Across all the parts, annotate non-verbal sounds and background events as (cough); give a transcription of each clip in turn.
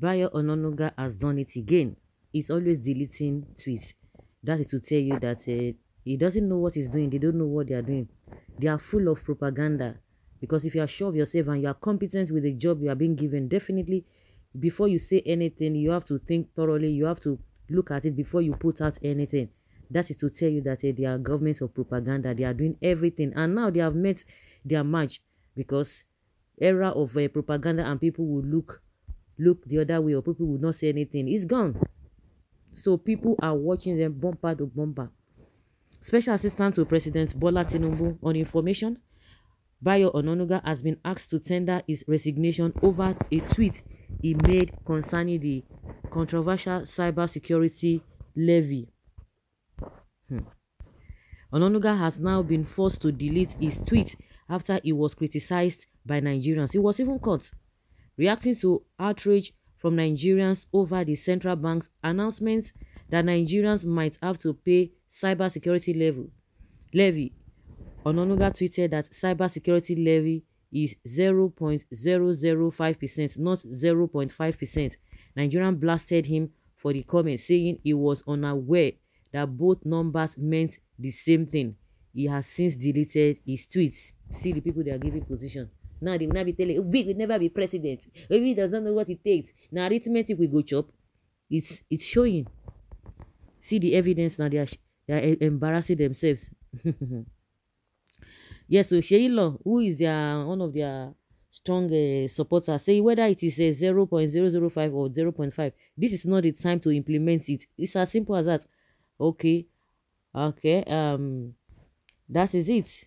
Bayo Ononuga has done it again. He's always deleting tweets. That is to tell you that uh, he doesn't know what he's doing. They don't know what they are doing. They are full of propaganda. Because if you are sure of yourself and you are competent with the job you are being given, definitely before you say anything, you have to think thoroughly. You have to look at it before you put out anything. That is to tell you that uh, they are governments of propaganda. They are doing everything. And now they have met their match because era of uh, propaganda and people will look look the other way or people would not say anything. It's gone. So people are watching them bumper to bumper. Special Assistant to President Bola Tinubu on information. Bayo Ononuga has been asked to tender his resignation over a tweet he made concerning the controversial cyber security levy. Hmm. Ononuga has now been forced to delete his tweet after he was criticized by Nigerians. He was even caught reacting to outrage from Nigerians over the central bank's announcement that Nigerians might have to pay cybersecurity level levy. Ononuga tweeted that cybersecurity levy is 0.005%, not 0.5%. Nigerian blasted him for the comment, saying he was unaware that both numbers meant the same thing. He has since deleted his tweets. See the people they are giving position now they will now be telling vic will never be president Maybe does not know what it takes na arithmetic we go chop it's it's showing see the evidence now they are they are embarrassing themselves (laughs) yes so sheila who is their one of their strong uh, eh, supporter say whether it is uh, eh, 0.005 or 0.5 this is not the time to implement it it's as simple as that okay okay um that is it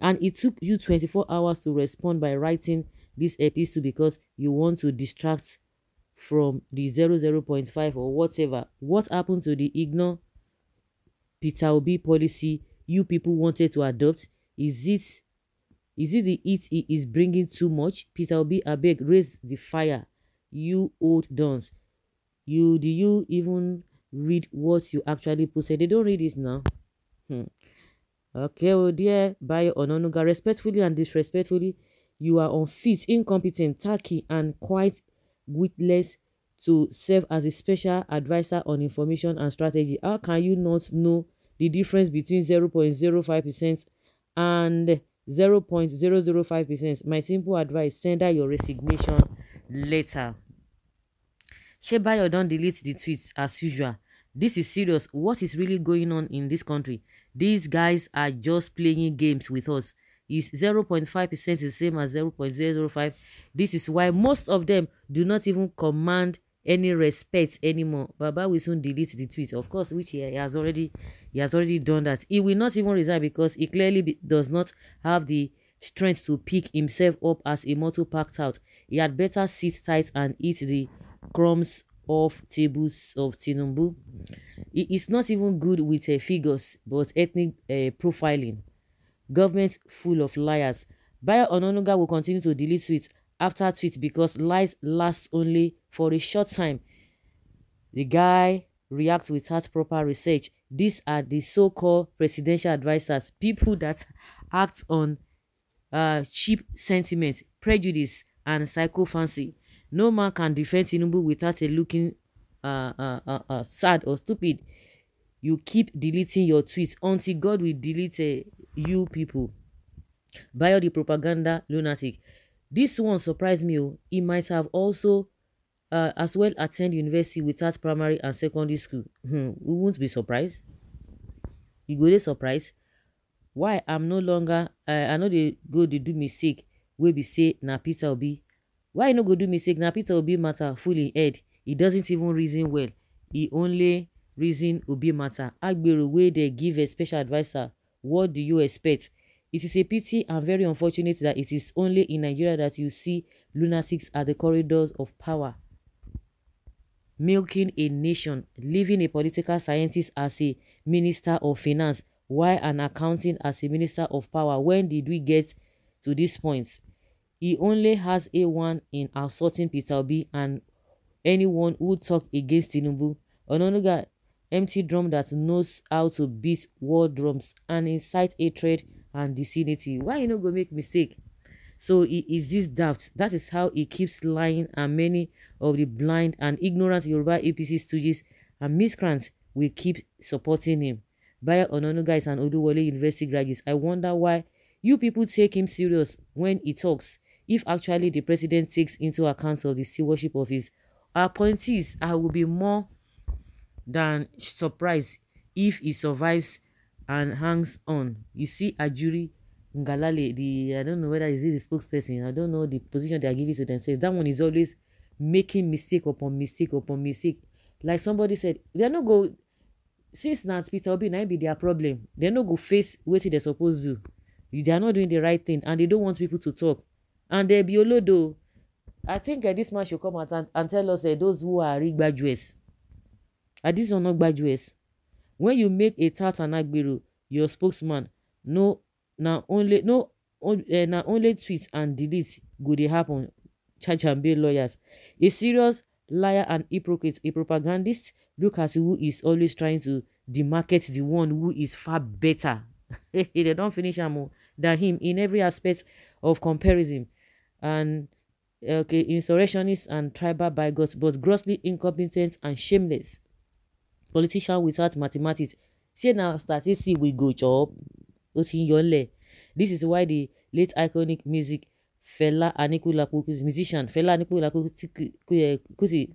and it took you 24 hours to respond by writing this epistle because you want to distract from the 00.5 or whatever. What happened to the ignore Peter Obi policy you people wanted to adopt? Is it is it the it is bringing too much? Peter Obi, beg raise the fire. You old dons. You do you even read what you actually posted? They don't read it now. Hmm. Okay, oh dear, by Ononuga, respectfully and disrespectfully, you are unfit, incompetent, tacky, and quite witless to serve as a special advisor on information and strategy. How can you not know the difference between 0.05% and 0.005%? My simple advice, send out your resignation later. Shebayo don't delete the tweets as usual. This is serious. What is really going on in this country? These guys are just playing games with us. Is 0.5% percent the same as 0.005. This is why most of them do not even command any respect anymore. Baba will soon delete the tweet, of course, which he has already he has already done that. He will not even resign because he clearly be, does not have the strength to pick himself up as a mortal packed out. He had better sit tight and eat the crumbs Of tables of Tinubu. It's not even good with uh, figures, but ethnic uh, profiling. Government full of liars. Bayo Ononuga will continue to delete tweets after tweet because lies last only for a short time. The guy reacts without proper research. These are the so-called presidential advisors, people that act on uh, cheap sentiment, prejudice, and psycho fancy. No man can defend Tinubu without a looking uh, uh, uh, uh, sad or stupid. You keep deleting your tweets until God will delete uh, you people. Bio the propaganda lunatic. This one surprise me. Oh. He might have also uh, as well attend university without primary and secondary school. Hmm, we won't be surprised. You go dey surprised. Why I'm no longer uh, I know they go they do mistake. Wey be say na Peter Obi why e no go do mistake na peter obi matter full im head He doesn't even reason well He only reason obi matter agbero wey dey give a special adviser what do you expect it is a pity and very unfortunate that it is only in nigeria that you see lunatics at the corridors of power milking a nation leaving a political scientist as a minister of finance while an accountant as a minister of power when did we get to this point He only has A1 in assaulting Peter B and anyone who talk against Tinubu. Ononuga empty drum that knows how to beat war drums and incite hatred and disunity. Why you not go make mistake? So he is this doubt? That is how he keeps lying and many of the blind and ignorant Yoruba APC stooges and miscreants will keep supporting him. Bayo Ononuga is an Oduwole University graduate. I wonder why you people take him serious when he talks. if actually the president takes into account of the stewardship of his appointees, I will be more than surprised if he survives and hangs on. You see, Ajuri Ngalale, the I don't know whether is it the spokesperson, I don't know the position they are giving to themselves. That one is always making mistake upon mistake upon mistake. Like somebody said, they are not go since now Peter Obi na be their problem. They no go face wetin they suppose do. They are not doing the right thing and they don't want people to talk and there be Olodo. I think uh, this man should come out and, and tell us uh, those who are graduates. Are uh, these are not graduates? When you make a tout and agbero, your spokesman, no, na only no, on, uh, na only tweet and delete go dey happen. Charge and bail lawyers. A serious liar and hypocrite, a propagandist. Look at who is always trying to demarket the one who is far better. (laughs) they don't finish am oh, than him in every aspect of comparison and uh, okay, insurrectionists and tribal bigots, but grossly incompetent and shameless politician without mathematics. See now, statistics we go chop. This is why the late iconic music Fela Anikulapoku's musician Fela Anikulapokusi eh,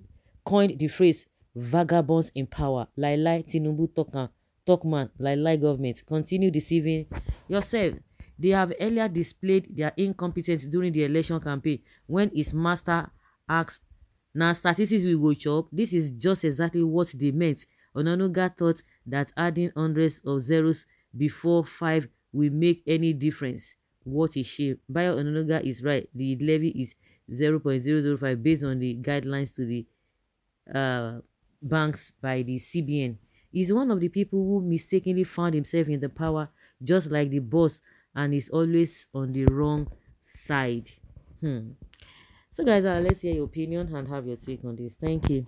coined the phrase "vagabonds in power." Lai Lai Tinubu Tokman, Tokman, Lai Lai government continue deceiving yourself. They have earlier displayed their incompetence during the election campaign when his master asked, Now statistics will go chop. This is just exactly what they meant. Onanuga thought that adding hundreds of zeros before five will make any difference. What a shame. Bayo Onanuga is right. The levy is zero zero zero point five based on the guidelines to the uh, banks by the CBN. Is one of the people who mistakenly found himself in the power just like the boss and is always on the wrong side. Hmm. So, guys, uh, let's hear your opinion and have your take on this. Thank you.